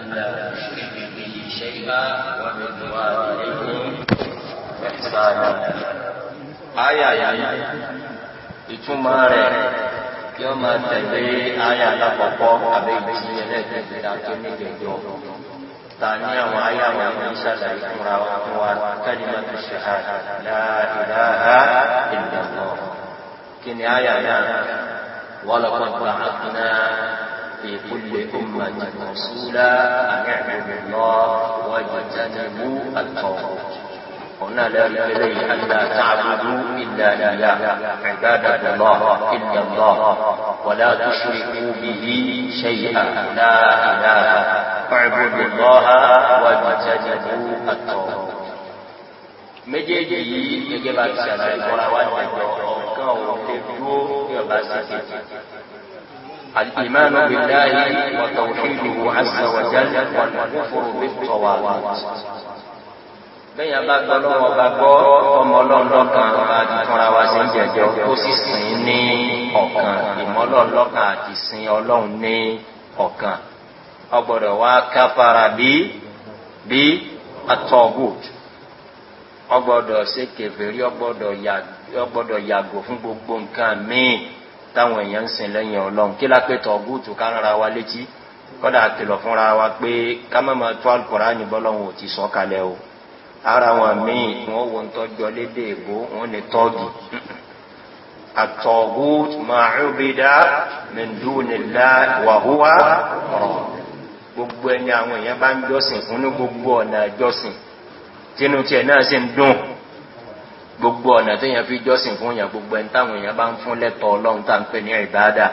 ألا تشركوا به شيئا وبالوالدين إحسانا آية يعني ìtumọ̀ rẹ̀ kí ọ máa tẹ̀lé ayé alákọ̀ọ́kọ́ àbẹ́yìí ẹlẹ́gbẹ̀ẹ́ àti onígbẹ̀jọ ta ní àwọn ayé àwọn ẹ̀yìn ṣàlàyé fúnra wa fún wa kálímà tó ṣe àdáadáa ìdàgbọ́ kí ni في كل أمة رسولا أن اعبدوا الله واجتنبوا الطاغوت هنا لا يلي أن لا تعبدوا إلا لله عبادة الله إلا الله ولا تشركوا به شيئا لا إله اعبدوا الله واجتنبوا الطاغوت méjèèjì yìí gẹ́gẹ́ bá ti ṣàlàyé fọ́nra wá ní ẹ̀jọ́ ọ̀kan òun lè dúró bí sí ti الإيمان بالله وتوحيده عز وجل والكفر بالطواغيت bẹ́yà bá gbọ́ lọ́wọ́ bá gbọ́ ọmọ ọlọ́ọ̀lọ́kan bá ti tọ́ra wa sí jẹjọ ó sì sìn ní ọ̀kan àti sin ọlọ́run ní ọ̀kan ọgbọ̀dọ̀ wá káfara bí bí atọ́gùt ọgbọ̀dọ̀ ṣe ọgbọ̀dọ̀ yàgò fún gbogbo nǹkan míì táwọn èèyàn ń sìn lẹ́yìn ọlọ́run kí lápẹ́ tọ̀gúùtù ká rárá wa létí kọ́dà kìlọ̀ fúnra wa pé ká má máa tó alukóraní bọ́lọ́run ò ti sọ kalẹ̀ o ara wọn míì wọn wo ń tọ́jọ́ lédè èbó wọn lè tọ́gì àtọ̀gúùtù máa mẹ́ndúnilá wàhúwá ọ̀rọ̀ gbogbo ẹni àwọn èèyàn bá ń jọ́sìn fún ní gbogbo ọ̀nà ìjọsìn tínú tiẹ̀ náà sì ń dùn gbogbo ọ̀nà téèyàn fi jọ́sìn fún yàn gbogbo ẹni táwọn èèyàn bá ń fún lẹ́tọ̀ ọlọ́run tá à ń pè ní ìbáadà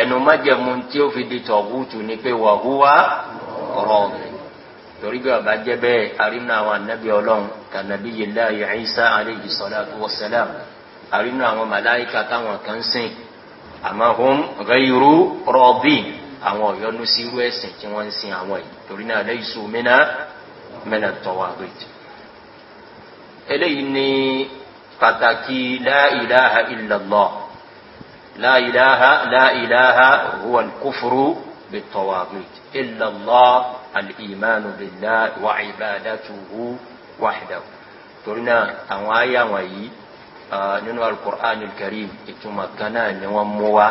ẹnu májẹ̀mú tí ó fi di tọ̀gùtù ni pé wà húwa ọ̀rọ̀ torí bí ọba jẹ́ bẹ́ẹ̀ arínú àwọn anábì ọlọ́run kànábì yìlá Ìsá alayhi salatu wassalam arínú àwọn màláìka táwọn kan sìn àmọ́ hum ghayru radin àwọn ọ̀yọ́nú sí ẹ̀sìn tí wọ́n ń sin àwọn yìí torí náà laysu mina mina tawagit eléyìí ni pàtàkì láìláha ìlàlọ́ láìláha láìláha huwa kúfúrú bí tọwàgìt ìlàlọ́ al'imánu bí wà ìbádàtúhu wàhídàwó torí náà àwọn àyà wọ̀nyí nínú alukur'an karim ìtumọ̀ kan náà ni wọ́n mú wa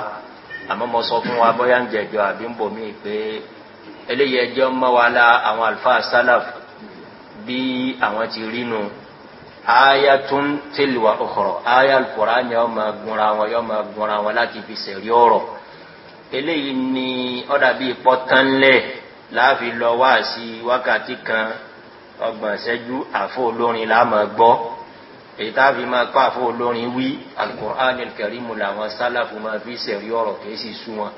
àmọ́ mo sọ fún wa bóyá ń jẹjọ àbí ń bòmí pé eléyìí mọ́ wa la àwọn alfa salaf bí àwọn ti rí nu ayatun tilwa ọkọrọ aya alukora ni ọ máa gunra wọn yọ máa gunra wọn láti fi sẹ̀rí ọ̀rọ̀ eléyìí ni ọ̀dà bíi pọ́tánlẹ̀ láàfin lọ wá sí wákàtí kan ọgbọ̀n ṣẹ́jú àfọ olórin la máa gbọ́ èyí tá a fi máa kọ́ àfọ olórin wí alukur'an kẹrìmù làwọn sálàfù máa fi sẹ̀rí ọ̀rọ̀ kìí sì sú wọn.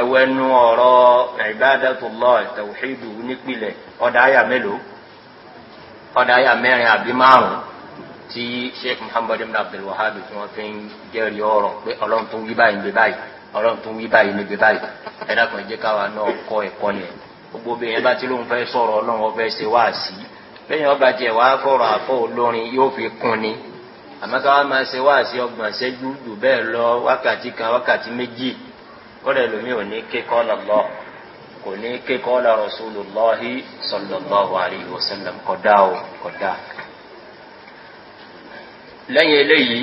ẹ̀wẹ̀ nu ọ̀rọ̀ ìbádàtúlọ̀ tawhidu nípìnlẹ̀ ọ̀dà àyà mélòó ọ̀dà ayà mẹ́rin àbí márùn-ún tí sheikh muhammad ibn abdul wahab tí wọ́n fi ń jẹ́rìí ọ̀rọ̀ pé ọlọ́run tó ń wí báyìí ń gbé báyìí ọlọ́run tó ń wí báyìí ń gbé báyìí ẹ̀dá kan jẹ́ káwa náà kọ́ ẹ̀kọ́ yẹn gbogbo bẹ́ẹ̀ bá ti lóun fẹ́ sọ̀rọ̀ ọlọ́run ọfẹ́ ṣe wá sí bẹ́ẹ̀ ọba jẹ́ wá fọ̀rọ̀ àfọ̀ olórin yóò fi kún ni àmọ́ káwa máa ṣe wá sí ọgbọ̀n ṣẹ́jú jù lọ wákàtí kan wákàtí méjì kọ́dẹ̀ lómi ò ní ké kọ́ kò ní ké kọ́lá rasulillahi sallallahu alayhi wa sallam kọ́dá o kọ́dá. lẹ́yìn eléyìí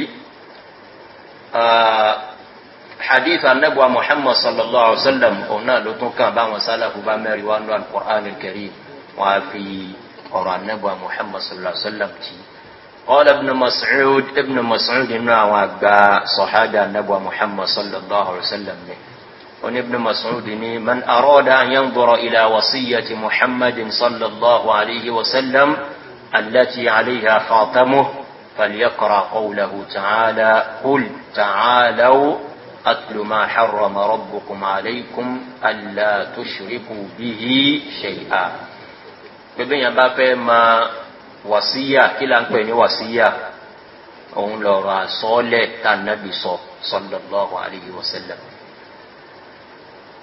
hadith anabu muhammad sallallahu alayhi wa sallam òun náà ló tún kàn báwọn sálàkù bá mẹ́rin wá nù alukur'an kẹrin wọn fi ọ̀rọ̀ anabu muhammad sallallahu alayhi wa sallam tì í. قال ابن مسعود ابن مسعود إنه أعوى صحابة النبوة محمد صلى الله عليه وسلم منه عن ابن مسعود من أراد أن ينظر إلى وصية محمد صلى الله عليه وسلم التي عليها خاتمه فليقرأ قوله تعالى قل تعالوا أتل ما حرم ربكم عليكم ألا تشركوا به شيئا ببين بابا ما وصية كلا نكوين وصية أون لورا النبي صلى الله عليه وسلم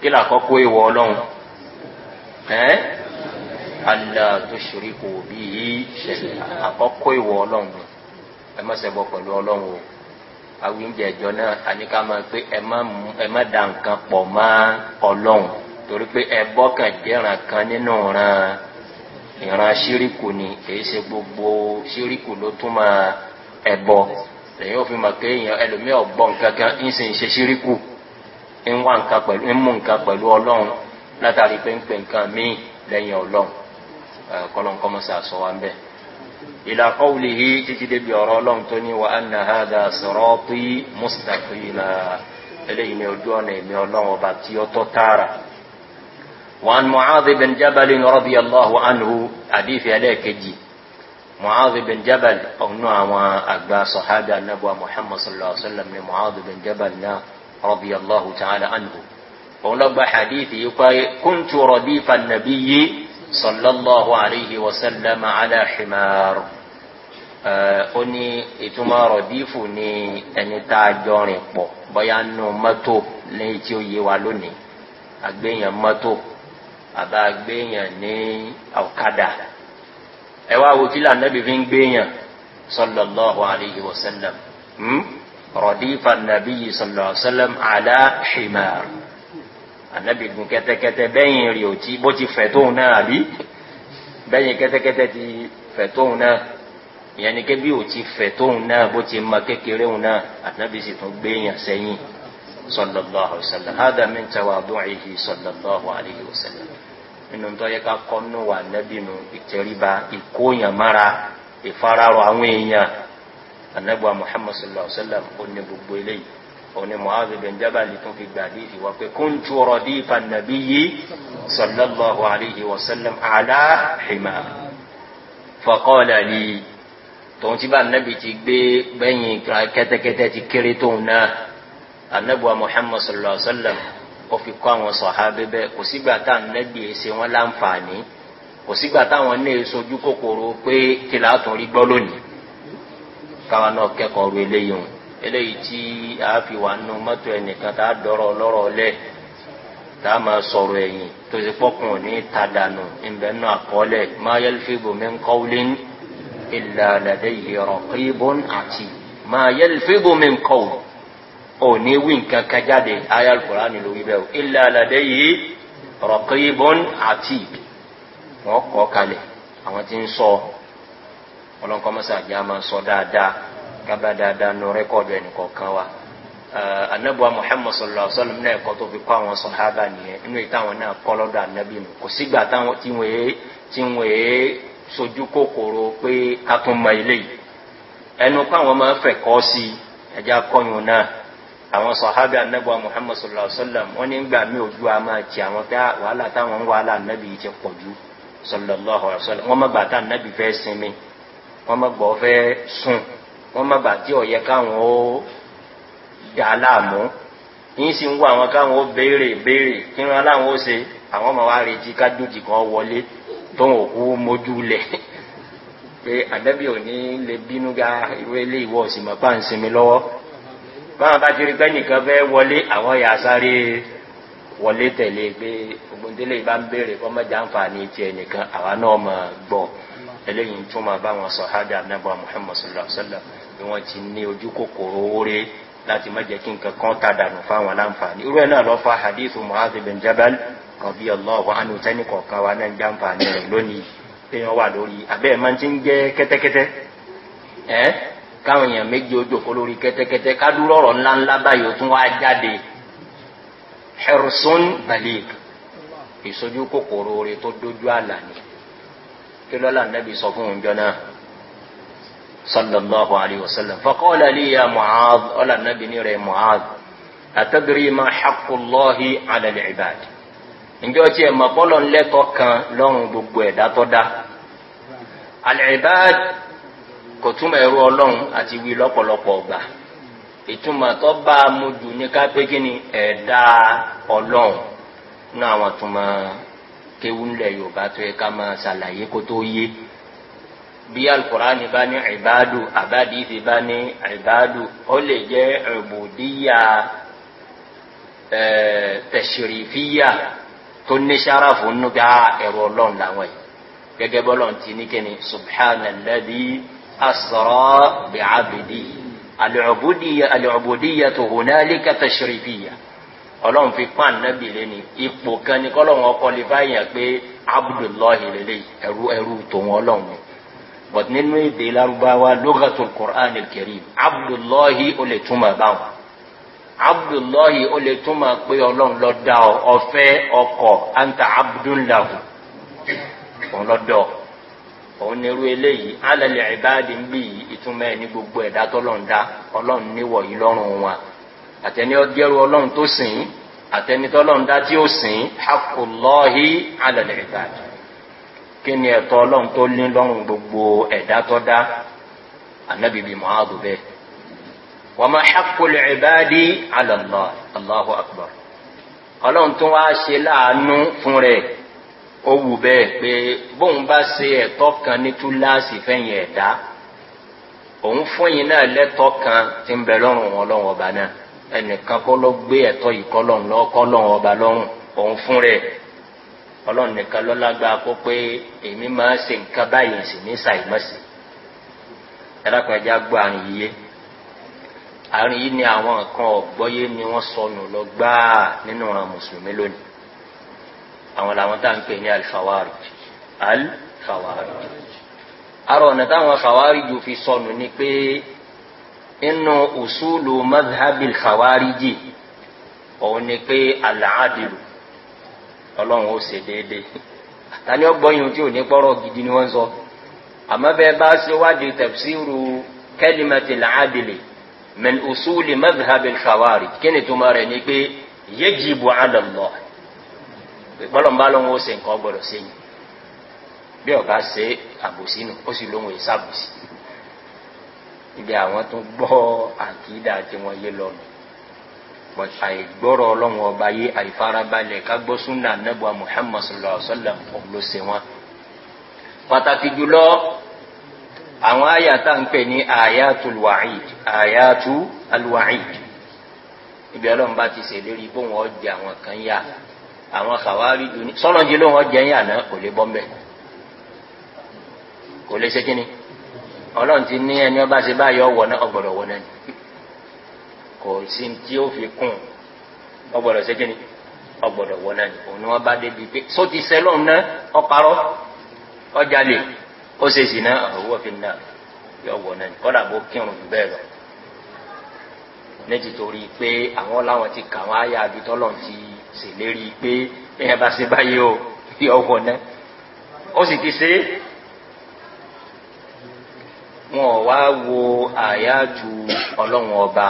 kí là kọ́kọ́ ìwọ ọlọ́run ẹ́n alẹ́ tó ṣòrí kò bí yìí ṣẹlẹ̀ àkọ́kọ́ ìwọ ọlọ́run ẹ má ṣẹbọ pẹ̀lú ọlọ́run o àwọn oúnjẹ ìjọ náà àníká máa pé ẹ má da nǹkan pọ̀ mọ́ ọlọ́run torí pé ẹbọ kan jẹ́ràn kan nínú ran ìran ṣíríkù ni èyí ṣe gbogbo ṣíríkù ló tún máa ẹbọ lẹ́yìn òfin mọ̀ pé èèyàn ẹlòmíọ̀ gbọ́ nǹkan ń sì ṣe ṣíríkù ń wá nǹkan pẹ̀lú ń mú nǹkan pẹ̀lú ọlọ́run látàrí pé ń pè nǹkan míì lẹ́yìn ọlọ́run kọ́lọ́n kọ́ mọ́sá sọ wá ń bẹ̀. ìlà kọ́wùlì yìí títí débi ọ̀rọ̀ ọlọ́run tó ní wa anna hada sirati mustaqila eléyìí ni ojú ọ̀nà èmi ọlọ́run ọba tí ó tọ́ tààrà. وعن معاذ بن جبل رضي الله عنه حديث ẹlẹ́ẹ̀kejì معاذ بن جبل ọ̀nà àwọn àgbà صحابة النبوة محمد صلى الله عليه وسلم ni معاذ بن جبل náà رضي الله تعالى عنه ولما حديثي كنت رديف النبي صلى الله عليه وسلم على حمار ó ní ìtumọ̀ rọ̀dífù ní ẹni tá a jọ rìn pọ̀ bóyá nù mọ́tò lẹ́yìn tí ó yé wa lónìí àgbéyàn mọ́tò àbá àgbéyàn ní ọ̀kadà ẹ wá wo kí lànà bí fi ń gbéyàn sọlọ́lọ́hu aleyhi wa sẹ́lẹ̀m. رضيف النبي صلى الله عليه وسلم على حمار النبي بن كتا كتا بين ريوتي بوتي فتونا بي بين كتا كتا تي فتونا يعني كبي وتي فتونا بوتي ما كيكيرونا النبي سيتون بين سيين صلى الله عليه وسلم هذا من تواضعه صلى الله عليه وسلم inú tó yẹ ká kọ́ nù wà nẹ́bí nù ìtẹríba ìkóyàn mára ìfararọ àwọn èèyàn anabuwa muhammad sallallahu alaihi wa sallam oní gbogbo eléyìí oní muhammed bin jabali tún fi gbàdí ìwà pé kúntù rọdí ìfànàbí yìí sallallahu alaihi wa sallam ala hima fakọ́lá ni tòun ti bá anabi ti gbé bẹ́yìn kẹ́tẹ́kẹ́tẹ́ ti kéré tóun náà anabuwa muhammad sallallahu alaihi wa sallam ó fi kọ́ àwọn sọ̀hábẹ́ bẹ́ẹ̀ kò sígbà tá anabi ṣe wọn láǹfààní kò sígbà táwọn náà sojú kòkòrò pé kí látùn rí gbọ́ lónìí káwa náà kẹ́kọ̀ọ́ ru eléyìí hàn eléyìí tí a fi wà nù mọ́tò ẹnìkan tá a dọ̀rọ̀ lọ́rọ̀ lẹ̀ tá a máa sọ̀rọ̀ ẹ̀yìn tó ti pọ́kùn ní tàdánù ìbẹ̀ nù àkọọ́lẹ̀ ma yalfidu min qawlin illa ladayhi raqibun atid ma yalfidu min qawl òní wí nǹkan kan jáde aya al-Qur'ani ló wí bẹ́ẹ̀ o illa ladayhi raqibun atid wọ́n kọ́ kalẹ̀ àwọn tí ń sọ ọ́ ọlọ́run kọ́ mọ́sá àjẹ́ àmọ́ sọ dáadáa gábà dáadáa nù rẹ́kọ̀dù ẹnìkọ̀ kan wa. anabuwa muhammed sallallahu alaihi wa sallam náà ẹ̀kọ́ tó fi kọ́ àwọn sọ̀hábà nìyẹn inú yìí táwọn náà kọ́ lọ́dọ̀ anabi nù kò sígbà tí wọ́n yé sojú kòkòrò pé ká tún mọ ilé yìí ẹnu kó àwọn máa fẹ̀ kọ́ sí ẹja kọ́yún náà àwọn sọ̀hábì anábọ̀ muhammed sallallahu alaihi wa sallam wọ́n ní gbà mí ojú a máa ti àwọn pé ah, wàhálà táwọn ń wàhálà anábì yìí ti pọ̀ ju sallallahu alaihi wa sallam wọ́n má gbà tá anábì fẹ́ sinmi. wọn má gbọ́ fẹ́ sùn wọ́n má bàtí ọ̀yẹ́ káwọn ó dà láàmú yín sì ń àwọn káwọn ó béèrè béèrè kí wọn láwọn àwọn ọmọ wa retí kájújì kan wọlé òkú mójú pé àdẹ́bí ò ní lè bínú ga ilé ìwọ lọ́wọ́ báwọn bá ti nìkan fẹ́ wọlé àwọn yà sáré wọlé tẹ̀lé pé délé ìbá ń béèrè ń àwa náà mọ̀ gbọ́. eléyìí tó máa bá wọn sọ̀hádà anábọ̀ muhammed sallallahu alayhi wa sallam bí wọ́n ti ní ojú kòkòrò oore láti má jẹ́ kí nǹkan kan ta dànù fáwọn láǹfààní irú ẹ̀ náà lọ fa hadithu muhammed bin jabal rabi allah wa anu tẹ́ni kọ̀ọ̀kan wa náà ń jàǹfààní rẹ̀ lónìí téèyàn wà lórí abẹ́ ẹ̀ máa ti ń jẹ́ kẹ́tẹ́kẹ́tẹ́ ẹ́ káwọn èèyàn méjì ó jòkó lórí kẹ́tẹ́kẹ́tẹ́ kádúró ńláńlá báyìí ó tún wá jáde hirsun balik ìsojú kòkòrò rẹ̀ tó dójú àlàní kí lọ́la nàbì sọ fún òun jọ náà sallallahu alayhi wa sallam faqala li ya mu'adh ọ̀là nàbì ní rẹ̀ mu'adh àtàbírí ma haqqullahi ala al-ibad ǹjẹ́ ọtí ẹ̀ mọ̀ bọ́lọ̀ ńlẹ́tọ̀ kan lọ́rùn gbogbo ẹ̀dá tó dá al-ibad kò túmọ̀ ẹ̀rú ọlọ́run àti wí lọ́pọ̀lọpọ̀ ọgbà ìtumọ̀ tó bá a mú jù ní ká kéwú ńlẹ̀ yorùbá tó yẹ ká máa ṣàlàyé kó tó yé bí alukurani bá ní ìbádù àbádìífi bá ní ìbádù ó lè jẹ́ ìbòdíyà tẹ̀sírìfíyà tó ní sáráfù nínú ká ah, ẹ̀rọ ọlọ́run làwọn yìí gẹ́gẹ́ bọ́lọ̀ ti ní kíni subhanalladhi asra bi'abdihi al-ubudiyya al-ubudiyya hunalika tẹ̀sírìfíyà ọlọ́run fi pán ànábì lé ní ipò kan ní kọ́lọ́run ọkọ lè báyàn pé abdullahi lélẹ̀ ẹrú ẹrú tòun ọlọ́run ni but nínú èdè larubawa lókàtò quran kẹrin abdullahi ó lè túmọ̀ báwọn abdullahi ó lè túmọ̀ pé ọlọ́run lọ da ọ ọfẹ́ ọkọ̀ anta abdullahi òun lọ dọ̀ òun nírú eléyìí alẹ́ lè ìbáàdì ń bì yìí ìtumọ̀ ẹ̀ ní gbogbo ẹ̀dá tọ́lọ́run ọlọ́run níwọ̀ yìí lọ́rùn wọn àtẹni ọdẹrù ọlọ́run tó sìn àtẹni tọ́lọ́run dá tí ó sìn hakùlọ́hí alẹ́lẹ́gbà kí ni ẹ̀tọ́ ọlọ́run tó ní lọ́rùn gbogbo ẹ̀dá tó dá anábìbí muhammadu bẹ́ẹ̀ wọ́n máa hakùlẹ̀ ìbáàdì alàlọ́ aláhu akbar ọlọ́run tó wá ṣe láàánú fún rẹ̀ ó wù bẹ́ẹ̀ pé bóun bá ṣe ẹ̀tọ́ kan ní túláàsì fẹ́yìn ẹ̀dá òun fún yín náà lẹ́tọ́ kan ti ń bẹ lọ́rùn wọn lọ́wọ́ ọba náà ẹnìkan kọ́ ló gbé ẹ̀tọ́ yìí kọ́lọ́n lọ́ kọ́lọ́n ọba lọ́rùn òun fún rẹ̀ ọlọ́run nìkan ló lágbára kó pé èmi máa ṣe nǹkan báyìí sì ní ṣàìmọ̀sí ẹlẹ́kùn ẹja gbọ́ àrùn yìí yé àrùn yìí ni àwọn nǹkan ọ̀gbọ́yé ni wọ́n sọnù lọ gbáà nínú ọ̀ràn mùsùlùmí lónìí àwọn làwọn tá à ń pè ní alifawari alifawari àrùn ọ̀nà táwọn fawari jù fi sọnù ni pé inú usulu madhabil khawariji òun ni pé alaadilu ọlọ́run ó ṣe déédéé àtàní ọgbọ́yìn tí ò ní pọ́rọ̀ gidi ni wọ́n sọ àmọ́ bẹ́ẹ̀ bá ṣe wádìí tafsiru kẹ́límẹ́tì làádìlì min usuli madhabil khawarij kí ni tuma rẹ̀ ni pé yéjìbù àlọ́lọ́ ìgbọ́lọ̀ ń bá lóun ó ṣe nǹkan gbọ́dọ̀ ṣe yìí bí ọ̀gá ṣe àbòsí nù ó sì lóun èsà àbòsí ibi àwọn tó gbọ́ àkìdá tí wọ́n yé lọ́nu àìgbọ́rọ̀ ọlọ́run ọba yé àìfarabalẹ̀ ká gbọ́ súnà nẹ́bùà muhammad sallallahu alayhi wa sallam òun ló ṣe wọn. pàtàkì jùlọ àwọn àyà tá ń pè ní àyàtú alwa'id àyàtú alwa'id ibi ọlọ́run bá ti ṣèlérí bó wọn jẹ àwọn kan yá àwọn kàwárí dùn ní sọ́nà jí ló wọn jẹ yàn náà kò lè bọ́ mbẹ́ kò lè ṣe kínní ọlọ́run ti ní ẹni ọba ṣe báyọ̀ wọ̀ náà ọgbọ̀dọ̀ wọ̀ náà ni kò sí tí ó fi kún ọgbọ̀dọ̀ ṣe kíni ọgbọ̀dọ̀ wọ̀ náà ni òun ni wọ́n bá débi pé só ti sẹ́ lọ́run náà ọparọ́ ọjàlè ó ṣe sì náà òwò fi náà yọ wọ̀ náà ni kọ́dà bó kírun jù bẹ́ẹ̀ lọ méjì torí pé àwọn láwọn ti kà wọ́n áyà àbí tọ́lọ̀ ti ṣèlérí pé ẹ̀yà bá ṣe báyìí o yọ wọ̀ náà ó sì ti ṣe é wọn ò wá wo àyájú ọlọ́run ọba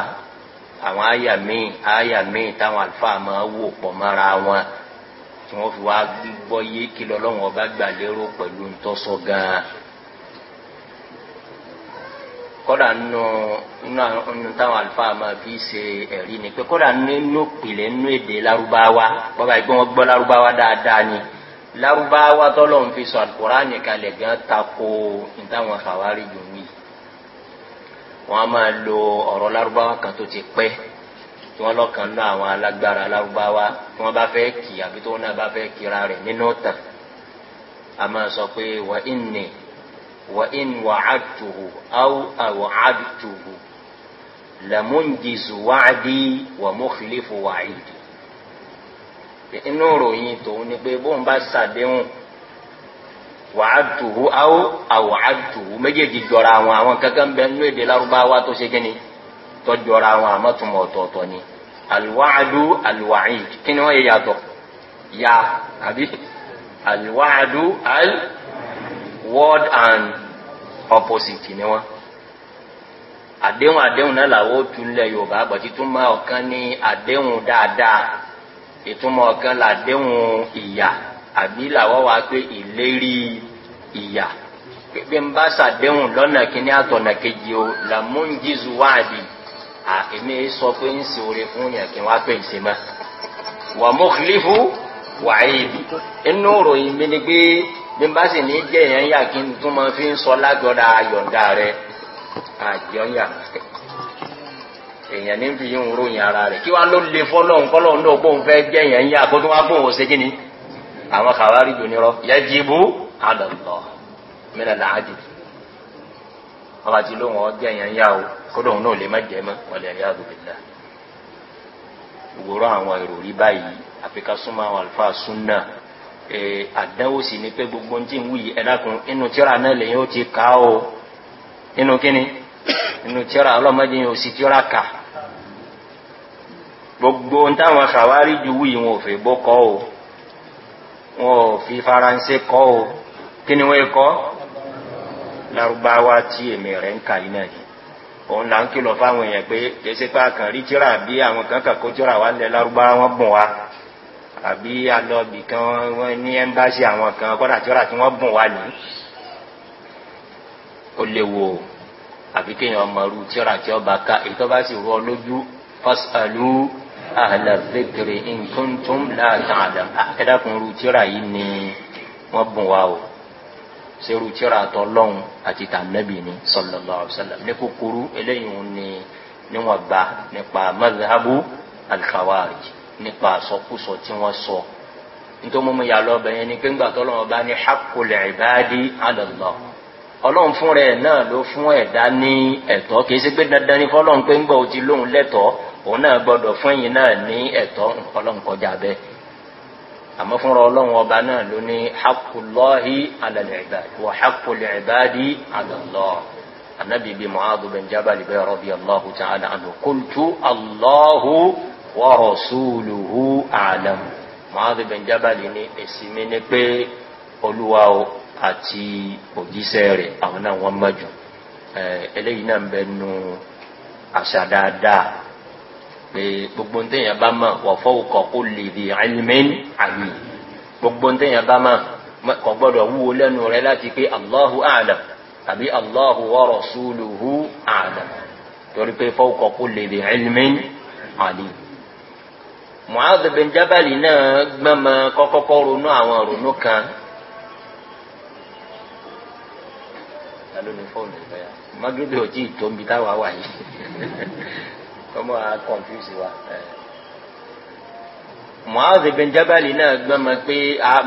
àwọn àyà míì àyà míì táwọn àlùfáà máa wò pọ̀ mọ́ra wọn tí wọ́n fi wá gbọ́ yé kí lọ́lọ́run ọba gbà lérò pẹ̀lú ntọ́sọ gan-an kódà nù nù táwọn àlùfáà máa fi ṣe ẹ̀rí ni pé kódà nínú pìlẹ̀ nínú èdè lárúbáwá bọ́bá ìgbọ́n wọn gbọ́ lárúbáwá dáadáa ni lárúbáwá tọ́lọ́run fi sọ àlùkòrán nìkan lẹ̀ gan tako ní àwárí jù ní wọn a máa lo ọ̀rọ̀ lárúbáwá kan tó ti pẹ́ tí wọ́n lọ́kàn ná àwọn alágbára lárúbáwá tí wọ́n bá fẹ́ kì àbí tó náà bá fẹ́ kíra rẹ̀ nínú tàn a máa sọ pé wà ìnì wà ìnì wà á tuhu áwù àwọ̀ á tuhu làmúndìzù wáàdí wà mọ́kìlífù wàáyìdì inú ròyìn tòun ni pé bóun bá ṣàdéhùn wàhádùhù awo àwòhádùhù méjèèjì jọra àwọn àwọn kankan bẹ nínú èdè larubawa tó ṣe kíni tó jọra àwọn àmọ́túnmọ̀ ọ̀tọ̀ọ̀tọ̀ ni aliwaadu aliwaid kí ni wọ́n yẹ yàtọ̀ ya àbí aliwaadu al word and opposite ni wọ́n àdéhùn àdéhùn náà làwọn ó tún lẹ yorùbá àgbàtí tún máa ọ̀kan ní àdéhùn dáadáa ìtumọ̀ ọ̀kan làdéhùn ìyà àbí làwọn wá pé ìlérí ìyà bí n bá ṣàdéhùn lọ́nà kínní àtọ̀nà kejì o làmúńjìzù wáàdì à èmi sọ pé ń ṣe oore fún yàn kí n wá pè ń ṣe mọ́ wà mọ́kìlífù wàhíìdì inú ròyìn mi ni pé bí n bá sì ní jẹ́ yẹn yà kí n tún máa fi ń sọ lágbọ́dá ayọ̀ǹda rẹ̀ àjọyà èèyàn ní fi yín ròyìn ara rẹ̀ kí wàá ló le fọ́ lọ́hùn kọ́ lọ́hùn náà fẹ́ jẹ́ yẹn yà kó tún wá bóun ó ṣe kí ni àwọn kàwárí jù nírọ yẹjìbú àdàlọ mìíràn náà àjì wọn bá ti lóun ọjọ yẹn yá o kódà òun náà lè má jẹ mọ wọn lè rí àdùbìlà ìwòrán àwọn ìròrí báyìí àfi ká súnmọ àwọn àlùfáà súnà àdánwò sì ni pé gbogbo ohun tí ń wuyì ẹ dákun inú tíra náà lèyìn ó ti ká o inú kíni inú tíra ọlọmọdé yẹn ò sì tíra kà gbogbo ohun táwọn kàwárí ju wuyì wọn ò fẹ́ bọ́ kọ́ o wọn ò fi faransé kọ́ o kí ni wọ́n kọ́ larubawa tí èmi rẹ̀ ń kà yín náà yìí òun là ń kìlọ̀ fáwọn èèyàn pé kèsì pa kàn rí tíra bí àwọn kan kàn kó tíra wa lẹ larubawa wọn bùn wa àbí alọ́bì kan wọ́n ní ẹ́mbáṣí àwọn kan kọ́dà tíra tí wọ́n bùn wa ní ó léwu o àfi kéèyàn ọmọ ru tíra tí ọba ká èyí tó bá sì rú ọ lójú fọ́sàlú ahla zikiri in kuntum la ta'lam akẹ́dá kun rutira yìí ni wọ́n bùn wa o ṣe rutira tọ́lọ́hún àti tànàbì ni sallallahu alaihi wasallam ní kúkúrú eléyìí wọn ni níwọ̀n bá nípa mazhabu al-khawarij nípa àsọkúsọ tí wọ́n sọ nítorí mo mọ ìyàlọ́ ọbẹ̀ yẹn ni pé ńgbà tọ́lọ́hún ọba ní haqqul ibadi ala Allah ọlọ́run fún rẹ̀ náà ló fún ẹ̀dá ní ẹ̀tọ́ kì í ṣe pé dandan ní fọlọ́run pé ńgbà ó ti lóhun lẹ́tọ̀ọ́ òun náà gbọdọ̀ fún yìí náà ní ẹtọ ọlọ́nkọjá bẹ́ẹ̀ àmọ́ fúnra ọlọ́run ọba náà ló ní hakulọ́hí alàlẹ́ẹ̀bàdì wà hakulẹ́ẹ̀bàdì alàlọ́ anabi bi mu'adu bin jabali bi rabi allahu ta'ala anhu kultu allahu wa rasuluhu alam mu'adu bin Jabali ni èsì mi pé olúwa o àti òjíṣẹ́ rẹ̀ àwọn náà nu àṣà pé gbogbo ntẹ̀yìn bá mọ̀ wọ̀ fọwọ́ kọ̀ kó lè di ẹlẹ́mẹ́n àmì gbogbo ntẹ̀yìn bá mọ̀ kọ̀ gbọ́dọ̀ wúwo lẹ́nu rẹ láti pé allahu alam tàbí allahu wa rasuluhu alam torí pé fọwọ́ kọ̀ kó lè àmì. mu'adh bin jabali náà gbẹ́mọ kọ́kọ́kọ́ ronú àwọn ronú kan. ta ò tí ì tó ń táwa wà yìí. ọmọ à kọ̀ǹfúsì wa. Mu'adh bin Jabal náà gbọ́n mọ pé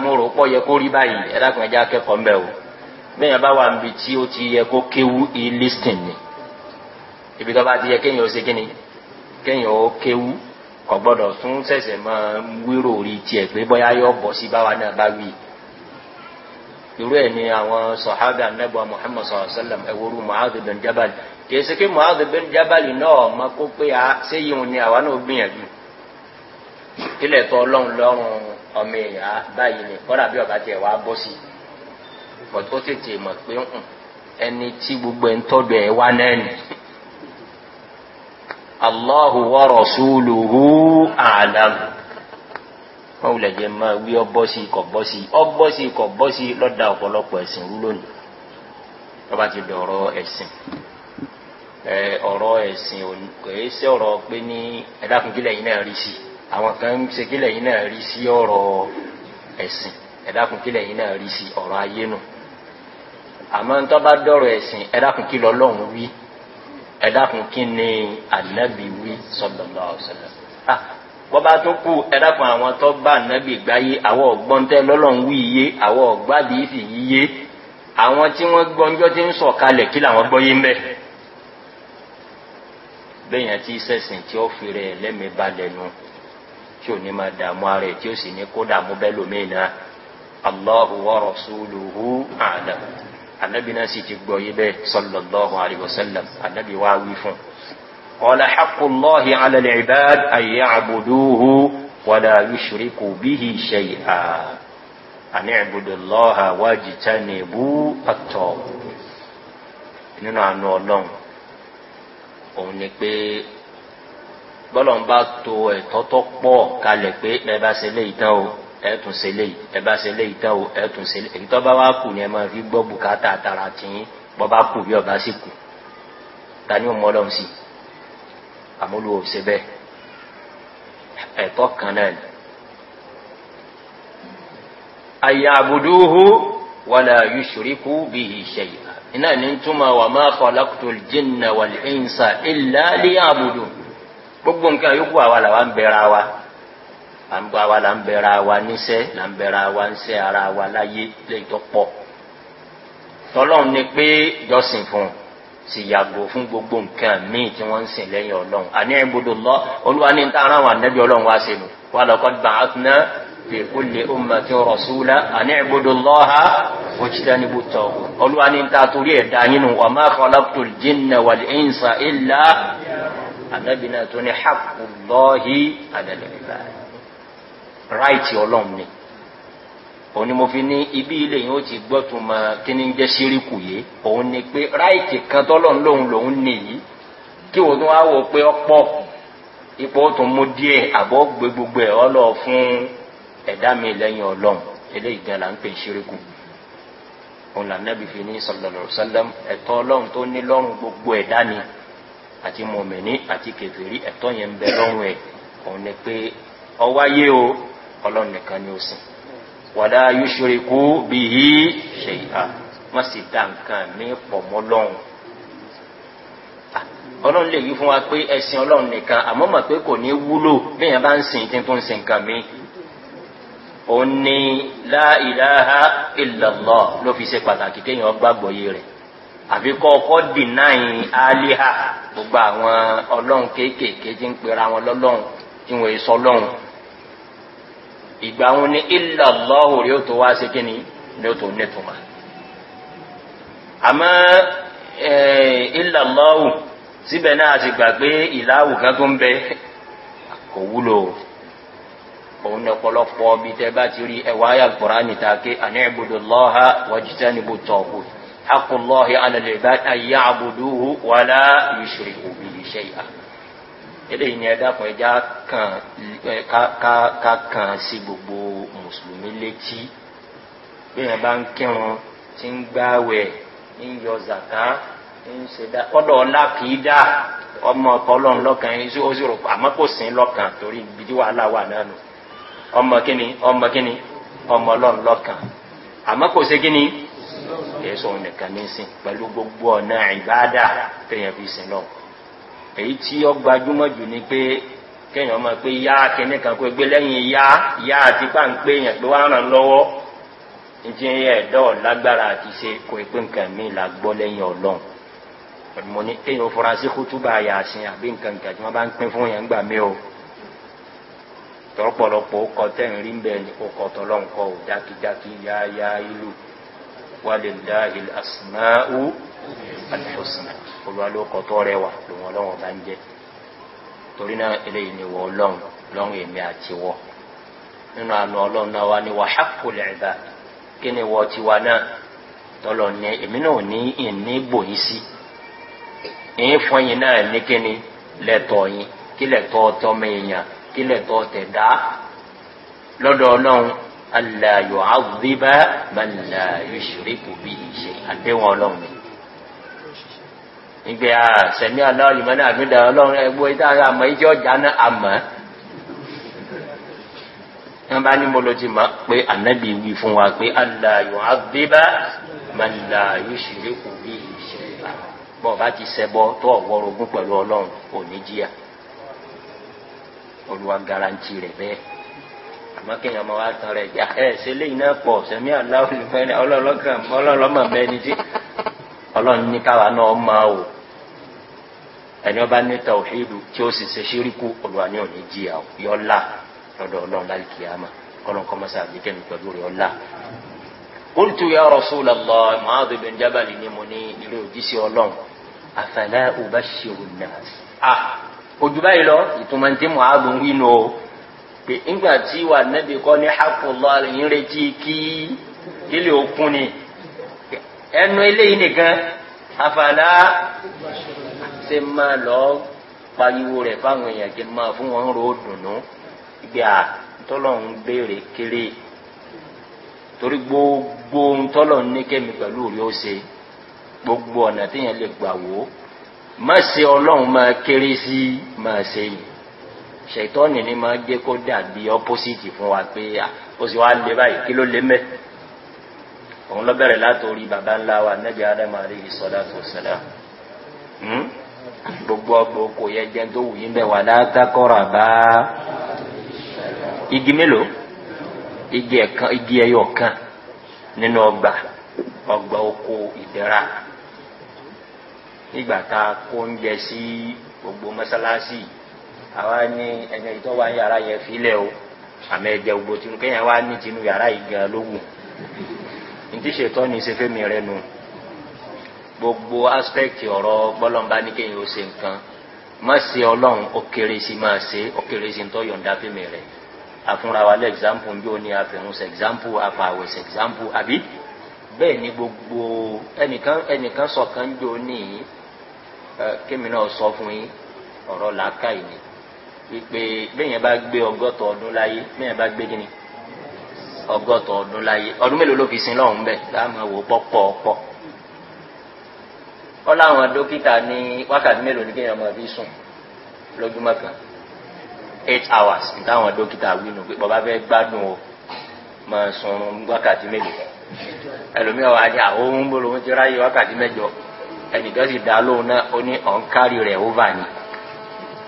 mo rò pọ̀ yẹ kó rí báyìí ẹ̀dá kan jẹ́ akẹ́kọ̀ọ́ mbẹ́ o bẹ́ẹ̀ bá wà níbi tí ó ti yẹ kó kéwú e-listing ni ibi tó bá ti yẹ kéèyàn ó ṣe kíni kéèyàn ó kéwú kò gbọ́dọ̀ tún ṣẹ̀ṣẹ̀ máa wérò orí tiẹ̀ pé bóyá yọ bọ̀ sí báwa náà bá wí irú ẹ̀ ni àwọn sọ̀hága nẹ́bọ̀ Muhammad sallallahu alaihi wasallam ẹ̀wọ́rú Mu'adh bin Jabal kìí ṣe pé muhammed bin jabali náà kó pé a ṣé yíwọn ni àwa náà gbìyànjú kílẹ̀ tó ọlọ́run lọ́rùn ọmọ èèyàn báyìí ni kọ́dà bí ọ̀gá tiẹ̀ bọ́ sí but tètè mọ̀ pé hmm, ẹni gbogbo ẹ̀ ń tọ́jú ẹ̀ wá náà nì. Allahu wa rasuluhu alam. wulẹ̀ jẹ́ máa wí ọ bọ́ sí kọ̀ bọ́ sí ọ bọ́ sí kọ̀ bọ́ sí lọ́dà ọ̀pọ̀lọpọ̀ ẹ̀sìn ọ̀rọ̀ ẹ̀sìn kìí ṣe ọ̀rọ̀ pé ní ẹ̀dákun kílẹ̀ yìí náà rí sí àwọn kan ń ṣe kílẹ̀ yìí náà rí sí ọ̀rọ̀ ẹ̀sìn ẹ̀dákun kílẹ̀ yìí náà rí sí ọ̀rọ̀ ayé nù àmọ́ ń tọ́ba dọ̀rọ̀ ẹ̀sìn ẹ̀dákun kí lọ́lọ́run wí ẹ̀dákun kí ni ànábì wí sọ̀dọ̀lọ́ ọ̀sẹ̀lẹ̀ bọ́ba tó kù ẹ̀dákun àwọn tó bá ànábì gbáyé àwọn ọ̀gbọ́ntẹ́ lọ́lọ́run wí iye àwọn ọ̀gbádìí sì yíye àwọn tí wọ́n gbọ́njọ́ ti ń sọ̀kalẹ̀ kí làwọn gbọ́yé ń bẹ́ẹ̀ yẹn ti sẹ̀sìn tí ó fi rẹ̀ lẹ́mìí balẹ̀ nu tí ò ní máa dààmú ara rẹ̀ tí ó sì ní kó dààmú bẹ́ẹ̀ lómìn náà allahu wa rasuluhu alam anabi náà sì ti gbọ́ yìí bẹ́ẹ̀ sallallahu alayhi wa sallam anabi wa wí fún ọ̀la xaqullahi alẹ́ ibad ayé abuduhu wàlá yushriku bihi shay'a ani abudullaha wajitanibu atọ́ nínú àánú ọlọ́run òun ni pé bọ́lọ̀ ń bá to ẹ̀tọ́ tó pọ̀ kalẹ̀ pé ẹ bá ṣe léyìí tán o ẹ tún ṣe léyìí ẹ bá ṣe léyìí tán o ẹ tún ṣe léyìí èyí tó bá wá kù ni ẹ máa fi gbọ́ bùkátà tara tìyín bọ́ bá kù bí ọba sì kù ta ni ó mọ ọlọ́run sí àmúlò òṣè bẹ́ẹ̀ ẹ̀tọ́ kan náà ni. àyà àbùdó wala yushriku bihi shay'a iná ní túmọ̀ wà má khalaqtul jinna wal insa illa liya'budun gbogbo nǹkan yòókù àwa làwa ń bẹ̀rẹ̀ wa à ń bọ̀ àwa là ń bẹ̀rẹ̀ wa níṣẹ́ là ń bẹ̀rẹ̀ wa níṣẹ́ ara wa láyé lẹ́yìn tó pọ̀ tọ́lọ́run ni pé jọ́sìn fún un sì yàgò fún gbogbo nǹkan míì tí wọ́n ń sìn lẹ́yìn ọlọ́run àní ẹ̀ gbọdọ̀ lọ olúwa ní ta ara wọn ànẹ́bí ọlọ́run wá sínú wà lọ́kọ́ gbà á ná fi kúlè ọmọ tí ọ̀rọ̀ súlá àní ìbúdó lọ́ha wọ́chítà níbú tọ́gùn olúwa ní ta torí ẹ̀dá nínú wà máa kọlọ́pù jínà wà ní ìsà ìlà àdábìnà tó ní hapù lọ́hí àdàlẹ̀bìbà ráìtì ọlọ́run ni òní mo fi ní ibi ilé yìí ó ti gbọ́ tó mọ kí ní jẹ́ síríkù yìí ni pé ráìtì kan tọ́lọ́run lòun lòun nìyí kí wọ́n tún wá wò pé ọ̀pọ̀ ipò tó mú díẹ̀ àbọ̀ gbé gbogbo ẹ̀ ọlọ́ fún ẹ̀dá mi lẹ́yìn ọlọ́run eléyìí gan la ń pè ṣíríkù òun là nẹ́bi fi ní sọlọ́lọ́ sálẹ́m ẹ̀tọ́ ọlọ́run tó ní lọ́rùn gbogbo ẹ̀dá ni àti mọ̀mẹ́ni àti kẹfẹ́rí ẹ̀tọ́ yẹn ń bẹ lọ́rùn ẹ̀ òun ni pé ọwáyé o ọlọ́run nìkan ni ó sìn wàdà yusuriku bìí ṣèyíká wọ́n sì dá nǹkan ní pọ̀mọ́ lọ́rùn ọlọ́run lè yí fún wa pé ẹ̀sìn ọlọ́run nìkan àmọ́ mọ̀ pé kò ní wúlò bí èèyàn bá ń sìn tí tó ń sìn nǹkan mìíràn òun ni láìláha ìlọlọ ló fi ṣe pàtàkì kéèyàn gbàgbọ́ yé rẹ̀ àfi kọ́kọ́ dìnáyìn aliha gbogbo àwọn ọlọ́run kéékèèké tí ń pera wọn lọ́lọ́run tí wọ́n sọ lọ́run ìgbà wọn ni ìlọlọ òrí ó tó wá ṣe kí ni ní ó tó nítumọ̀ àmọ́ ìlọlọ eh, síbẹ̀ náà ti gbà ìlàwù kan tó ń bẹ kò wúlò o. òun ní ọ̀pọ̀lọpọ̀ bí tẹ bá ti rí ẹwà ayà kùránì tàkì àní ìbùdó lọ́ha wàjítẹ́ níbo tọ̀kù akùnlọ́hì alẹ́lẹ́bá ayé àbùdó wàlá ìṣòro òbí iṣẹ́ ìhà eléyìí ni kan ẹja ká sí gbogbo mùsùlùmí létí bí wọn bá ń kírun tí ń ń yọ zàká ń ṣe dá ọmọ kíni ọmọ kíni ọmọ ọlọ́run lọ́kàn àmọ́ kò sí kíni kìí sọ nìkan ní sìn pẹ̀lú gbogbo ọ̀nà ìbáàdà téèyàn fi sìn lọ. èyí tí ó gbajúmọ̀ jù ni pé kéèyàn máa pé yá kíní kan kó gbé lẹ́yìn yá yá àti páńpé yẹn pé wàá ràn lọ́wọ́ njẹ́ ẹ̀dọ́ lágbára àti ṣe kó pé nǹkan mi là gbọ́ lẹ́yìn ọlọ́run mo ní kéèyàn fura sí kútúbà yàsìn àbí nǹkan nǹkan tí wọ́n bá ń pín fún yẹn gbà mí o. tọpọlọpọ kọ tẹrin rí bẹẹ ní kó kọ tọlọrun ya ya ilu yáyá ìlú wàlélá ìlàsímáú àlùfọsùn olúwa ló kọ tọ rẹwà lòun ọlọrun bá ń jẹ torí náà eléyìí ni wọ ọlọrun èmi àti wọ nínú àná ọlọrun náà ni tọlọ ní èmi náà ní ìní gbòyìn sí ìyín náà ní kílẹ̀ tọ́ tẹ̀dá lọ́dọ̀ ọlọ́run alayọ̀ azíbá bala yusufu bí ìṣe àdéhùn ọlọ́run mi. ìgbé sẹ̀mí aláwọ̀ lìmọ́ náà àmì dàrọ̀ ọlọ́run ẹgbẹ́ ìdá ara àmọ́ ìjọ ọjà náà àmọ́. wọ́n bá ní mo lọ ti mọ̀ pé ànábì wí fún wa pé alayọ̀ azíbá bala yusufu bí ìṣe bọ́ọ̀ bá ti sẹ́bọ́ tó ọ̀wọ́ orogún pẹ̀lú ọlọ́run òní jíà olùwà garanti rẹ̀ bẹ́ẹ̀ àmọ́ kéèyàn máa wá tán rẹ̀ yá ẹ̀ ṣe léyìn náà pọ̀ sẹ́mi aláwọ̀ olùfẹ́ni ọlọ́lọ́kàn ọlọ́lọ́mọ̀ bẹ́ni tí ọlọ́run ní káwa náà máa wò ẹni ọba ní tàwíìdù tí ó sì ṣe ṣíríkù olùwà ní òní jìyà yọ́lá lọ́dọ̀ ọlọ́run láì kíyàmá kọ́lọ́n kọ́ mọ́sá àbí kẹ́mi pẹ̀lú rẹ̀ ọ̀la. Kúlùtù yà Rasul Allah Màádù bin Jábàlì ni mo ní ilé òjísé ọlọ́run àfàlà òbá ṣe òun náà. ojuba báyìí lọ ìtumọ̀ ntí muhammadu ń wí nù o pé ńgbà tí wà nẹ́bí kɔ ní hafúlọ́ kí okun ni ẹnu eléyìí nìkan àfàlà ṣe ma lọ pariwo rẹ̀ fáwọn èèyàn kí n máa fún wọn ro dùnú gbà tọ́lọ̀ ń béèrè gbogbo ń tọ́lọ̀ ń ní kẹ́mi ó gbogbo ọ̀nà téèyàn lè gbà wò ó. má se ọlọ́run máa kéré sí máa ṣe yìí ṣètọ́nì ni máa jẹ́ kó dàbí ọ́pọ́sìtì fún wa pé ó sì wá lé báyìí kí ló lé mẹ́ òun lọ bẹ̀rẹ̀ látòrí baba ńlá wa nẹ́bí adamu aleyhi sọ́dá tó sẹ́dá gbogbo ọgbọ kò yẹ jẹ́ tó wù yín bẹ́ẹ̀ wà látàkọ́rọ̀ àbá igi mélòó igi ẹ̀yọ̀ kan nínú ọgbà ọgbà oko ìdẹ́ra nígbà tá a kó oúnjẹ sí gbogbo mọ́sálásì àwa ní ẹni tó wá ní yàrá yẹn filẹ̀ o àmọ́ ẹ̀jẹ̀ gbogbo tinú kéèyàn wá ní tinú yàrá yìí gan ló wù ntí ṣètọ́ ní sefémi rẹ nu gbogbo aspect ọ̀rọ̀ gbọ́lọ́mbá ní kéèyàn ó ṣe nǹkan má ṣe ọlọ́run ó kéré sí máa ṣe ó kéré sí ntọ́ yọ̀ǹda fèmí rẹ àfúnra wa lẹ́ example ń bí ó ní àfẹ̀húnṣe ni kémi náà sọ fún yín ọ̀rọ̀ làákàyè ni wípé bẹ́ẹ̀yẹn bá gbé ọgọ́tọ̀ ọdún láyé bẹ́ẹ̀yẹn bá gbé kíni ọgọ́tọ̀ ọdún láyé ọdún mélòó ló fi sin lọ́hùn bẹ́ẹ̀ láàmú wò pọ́pọ́pọ́ wọ́n láwọn dókítà ní wákàtí mélòó ní kéèyàn máa fi sùn lójúmọ́ kan eight hours nítawọn dókítà wí nù pé bàbá fẹ́ gbádùn o máa sùn wákàtí mélòó ẹlòmíràn wà á ní àwọn ohun bolo wọn ti ráyè wákàtí mẹ́jọ ẹnìkan sì dá lóhùn náà ó ní ọ̀n kárì rẹ̀ ó bà ní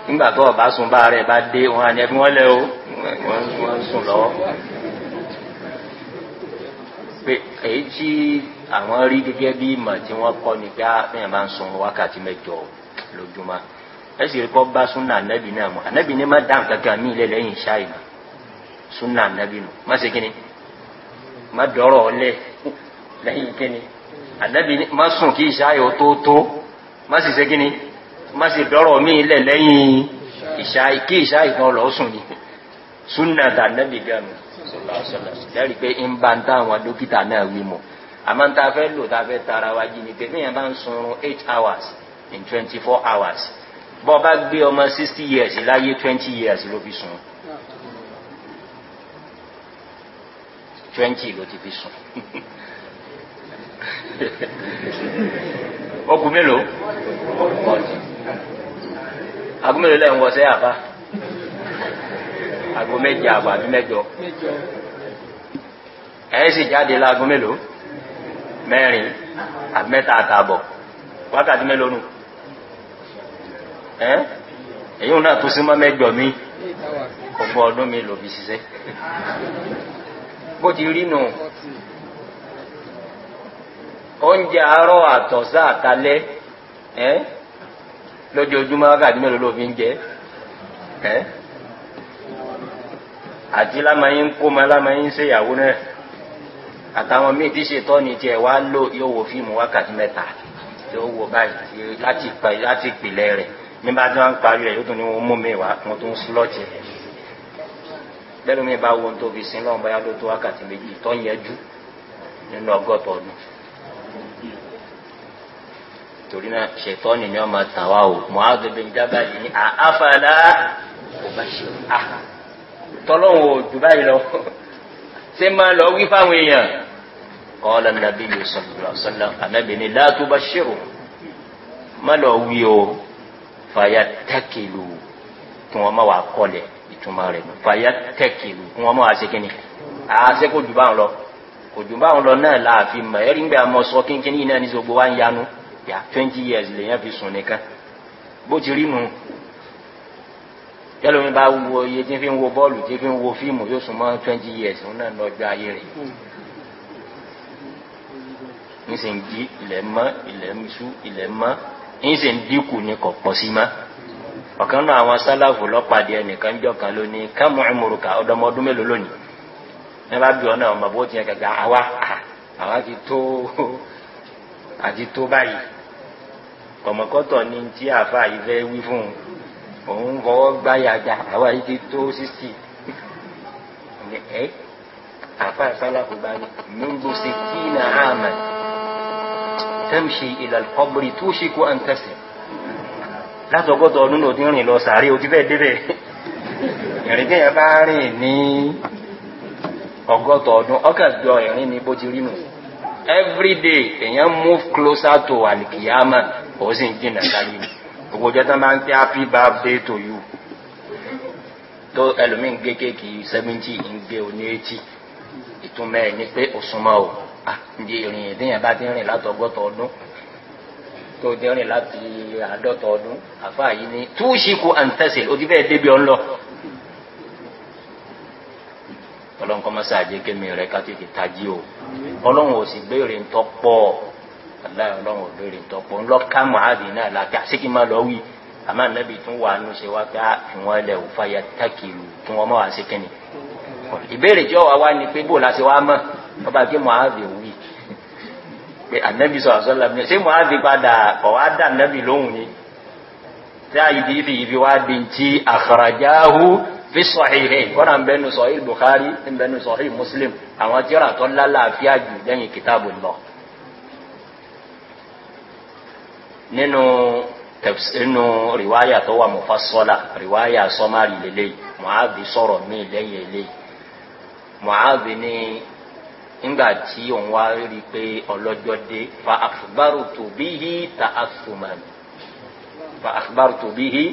nígbà tó ọba sùn bá rẹ̀ bá dé wọn àni ẹbí wọn lẹ o wọn sùn lọ́wọ́ èyí tí àwọn rí gẹ́gẹ́ bí ìmọ̀ tí wọ́n kọ́ ni pé ah, bẹ́ẹ̀ máa ń sun wákàtí mẹ́jọ lójúmọ́ ẹ sì rí kọ́ bá súnà ànábì náà mọ̀ ànábì ní má dáhùn kankan mí ilé lẹ́yìn iṣá ìmọ̀ súnà ànábì nù má ṣe kíni má dọ̀rọ̀ ọ̀lẹ́ lẹ́yìn kíni ànábì má sùn kí ìṣáyọ̀ tó tó má sì ṣe kí ni má sì dọ́rọ̀ mí ilẹ̀ lẹ́yìn ìṣáyì kí ìṣáyì náà lọ sùn ni súnà tà ànábì gàmù sọlọsọlọ lẹ́rìí pé ń bá ń tá àwọn dókítà náà wí mọ̀ àmọ́ ń ta fẹ́ lò ta fẹ́ tara wa jí ni pé bí yẹn bá ń sunrun eight hours in twenty four hours bọ́ bá gbé ọmọ sixty years láyé twenty years ló fi sùn twenty ló ti fi sùn. ọkùn mélòó ago mélòó lẹ́yìn wọ sẹ́yà fa ago méje àbọ̀ àbí mẹ́jọ ẹ̀yìn sì jáde la ago mélòó mẹ́rin àbí mẹ́ta àtààbọ̀ wákàtí mélòó nù ẹ́ èyí náà tó sí mọ́ mẹ́jọ mi ọgbọ́n ọdún mi lòbí ṣiṣẹ́ bó ti rí nù. oúnjẹ àárọ̀ àtọ̀sá àtàlẹ́ ẹ́ lójoojúmọ́ wákàtí mélòó ló fi ń jẹ ẹ́ àti lámàáyín kóma lámàáyín ṣèyàwó náà àtàwọn míì tí ṣètọ́ ni tiẹ̀ wá lò yóò wo fíìmù wákàtí mẹ́ta yóò wo báyìí láti pìlẹ̀ rẹ̀ nígbà tí wọ́n ń parí rẹ̀ yóò tún ní wọ́n mú mi wá wọ́n tún slọ́ọ̀tì rẹ̀ bẹ́ẹ̀ ló mi bá wo báyà ló tó wákàtí méjì torí náà ṣètọ́ ni ni wọ́n máa tàn wá o muhammed bin jabal ni àáfàlà kò bá ṣe à tọ́lọ́hún ò jù báyìí lọ ṣé máa lọ wí fáwọn èèyàn kọ́lá nàbí yìí sọ̀rọ̀ sọ́lá ànábìíní látó bá ṣèrò má lọ wí o fàyà tẹ́kìlù kí wọ́n má wàá kọ́lẹ̀ ìtumọ̀ rẹ̀ fàyà tẹ́kìlù kí wọ́n má wàá ṣe kínní àṣẹ kò jù báwọn lọ kò jù báwọn lọ náà láàfin mọ̀ ẹ̀rí ń gbà mọ́ sọ kínkínní náà ní gbogbo wa ń yanu. yà twenty years lèyàn fi sùn nìkan bó ti rí nu yálòmí bá wo iye tí fi ń wo bọ́ọ̀lù tí fi ń wo fíìmù yóò sùn mọ́ twenty years òun náà lọ gbé ayé rẹ̀ hmm. ń di ilẹ̀ mọ́ ilẹ̀ ilẹ̀ mọ́ ń dínkù ní kò pọ̀ sí mọ́ ọ̀kan náà àwọn sálàfù lọ́pàdé ẹnìkan ń lónìí kámú ọ̀dọ́mọdún mélòó lónìí bá bí gàgà àwa àwa ti tó àti tó báyìí. kọ̀mọ̀kọ́tọ̀ ni tí àfa yìí fẹ́ wí fún un òun fọwọ́ gbáyàjà àwa yìí ti tó sísì ẹ àfa sálàkù bá ní mímú sí kí nà áàmà tẹ́mṣe ìlànà kọ́bùrì tó ṣe kó à ń tẹ̀sí látọ̀gọ́tọ̀ ọdún ló ti rìn lọ sàárè o ti fẹ́ débẹ̀ ìrìn tẹ́yà bá rìn ní ọgọ́tọ̀ ọdún ọkàjọ ìrìn ni bó ti rí nù everyday èèyàn move closer to alikiyama ó sì ń jìnà sáyé gbogbo ọjọ́ tán bá ń pẹ́ happy birthday to you tó ẹlòmíì ń gé kéèkì seventy ń gé oní eighty ìtumọ̀ ẹ̀ ni pé òsùnmọ́ o ǹdí ìrìn ìdíyàn bá ti rìn látọgọ́tọ̀ ọdún tó ti rìn láti àádọ́tọ̀ ọdún àfáà yìí ni túùsìkù àǹtẹ̀sẹ̀ ó ti fẹ́ẹ́ débi ọ̀nlọ. ọlọ́run kọ́ mọ́sá àjẹkẹ́mi rẹ̀ ká tètè tají o ọlọ́run ò sì gbé ìrìn tó pọ̀ ọ́ aláì ọlọ́run ò lórí ntọ́pọ̀ ńlọ́ka muhammed náà làkà síkì má lọ wí àmọ́ anabi tún wà nù ṣe wá pé a ah, fi wọn lẹ̀ òfa ya tákìlù kí wọ́n mọ̀ wá sí kínní. ìbéèrè tí ọ̀wá wá ni pé bó la ṣe wá mọ̀ ọba kí muhammed wí pé anabi sọ̀rọ̀ sọ́la mi ṣé muhammed padà kọ̀ wá dá anabi lóhùn ni tí a ibi ibi ibi wá di ti àkàràjáhu fi sọ̀hìhì kọ́nà ń bẹnu sọ̀hìhì bukhari ń bẹnu sọ̀hìhì muslim àwọn tíra tó lálàáfíà jù lẹ́yìn kìtàbù lọ. nínú nínú rìwáyà tó wà mọ̀fásọ́là rìwáyà sọ́márì lélẹ́yìí mọ̀hábì sọ̀rọ̀ mí lẹ́yìn eléyìí mọ̀hábì ní ńgbà tí òun wá rí pé ọlọ́jọ́ dé fa àfùbárò tòbí hí ta àfùmàmì fa àfùbárò tòbí hí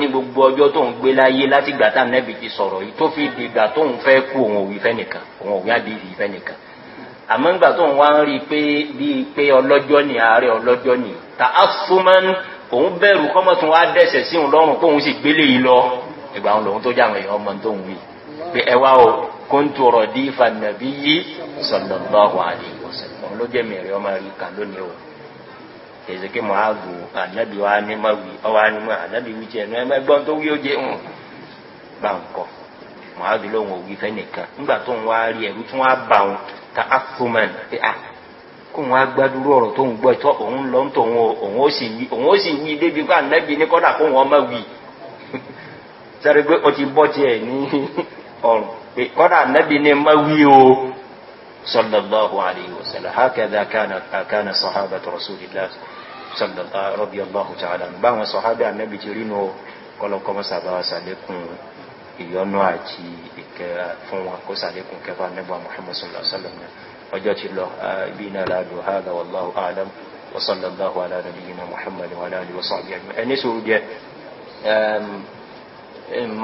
ni gbogbo ọjọ́ tó ń gbé láyé látìgbà tá nẹ́bi ti sọ̀rọ̀ yìí tó fi dìgbà tó ń fẹ́ kú àmọ́ ńgbà tó ń wá ń rí i pé bíi pé ọlọ́jọ́ ni ààrẹ ọlọ́jọ́ ni ta asuman òun bẹ̀rù kọ́mọ̀tún wá dẹ̀sẹ̀ sí òun lọ́rùn kóun sì gbélé yìí lọ ìgbà òun lòun tó jẹ́ àwọn èèyàn ọmọ tó ń wí pé ẹ wá o kóńtù ọ̀rọ̀ dí ìfànàbí yìí sọ̀lọ̀ bá wà ní ìwòsàn òun ló jẹ́ mẹ́rin ọmọ rí kà lónìí o èsì kí mo á gò ànábì wa ní má wí ọwọ́ á ní wí tiẹ̀ ní ẹ gbọ́n tó wí ó jẹ́ ń bá ń kọ́ mo á bí lóun òwì fẹ́ nìkan nígbà tó ń wá rí ẹ̀rú tí wọ́n á bá wọn ta afuman pé a ah, kó wọn agbádúró ọ̀rọ̀ tó ń gbọ́ tó òun lọ ń tó òun ó sì wí òun ó sì wí débi pé ànábì ní kọ́dà kó wọn má wí sáré pé o ti bọ́ tiẹ̀ ní ọ̀rùn pé kọ́dà ànábì ní má wí o sallallahu alayhi wa sallam hakadha kana kana sahabatu rasulillah sallallahu rabi allahu ta'ala báwọn sahaba ànábì ti rí nu kọlọkọmọ sábà sàlékún ìyọnu àti ìkẹra fún wọn kó sàlékún kẹfà nígbà muhammad sallallahu alaihi wa sallam ọjọ́ ti lọ ibi náà láàlú hàgà wàláhu alam wa sallallahu ala nabiyina muhammad wa ala alihi wa sahbihi ajma'in ẹni sòrò jẹ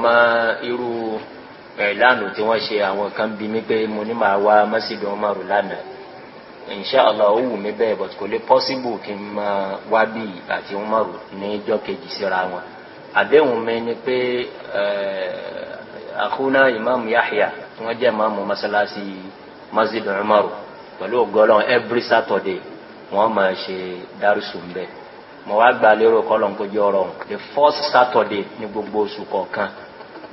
ma irú ìlànà tí wọ́n ṣe àwọn kan bí mi pé mo ní máa wá mọ́sídìí wọn márùn lánàá inṣàlá ó wù mí bẹ́ẹ̀ but kò lè possible kí n máa wá bí àti wọn ní ọjọ́ kejì síra wọn àdéhùn mi ni pé àkúná ìmáàmù Yahya tí wọ́n jẹ́ ìmáàmù masalasi masjid Umaru pẹ̀lú ògbọ́lọ́n every Saturday wọ́n máa ṣe dárúsù mbẹ́ mo wá gba lérò kọ́lọ́n kó jẹ́ ọ̀rọ̀ the first Saturday ní gbogbo oṣù kọ̀ọ̀kan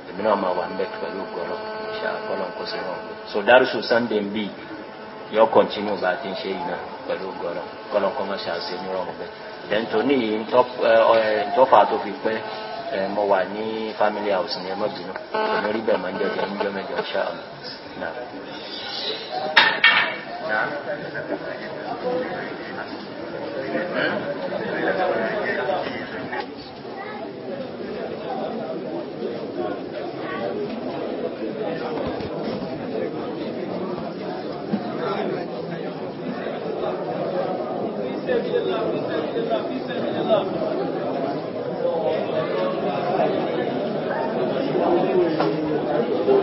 èmi náà máa wà ń bẹ̀ pẹ̀lú ògbọ́lọ́n ṣe àkọ́lọ́n kó sí wọn so dárúsù Sunday ń bì yọ bá a ti ń ṣe yìí náà pẹ̀lú ògbọ́lọ́n kọ́lọ́n kọ́ máa ṣe àṣeyọrọ̀ ọ̀bẹ ìdẹ́ntò níyì ntọ́fà tó fi pẹ́ ẹ mo wà ní family house ní ẹ mọ̀ bínú èmi rí bẹ́ẹ̀ máa ń jẹ́ kí ẹni jọ́ ṣá ọ̀nà náà. في سبيل الله في Thank you.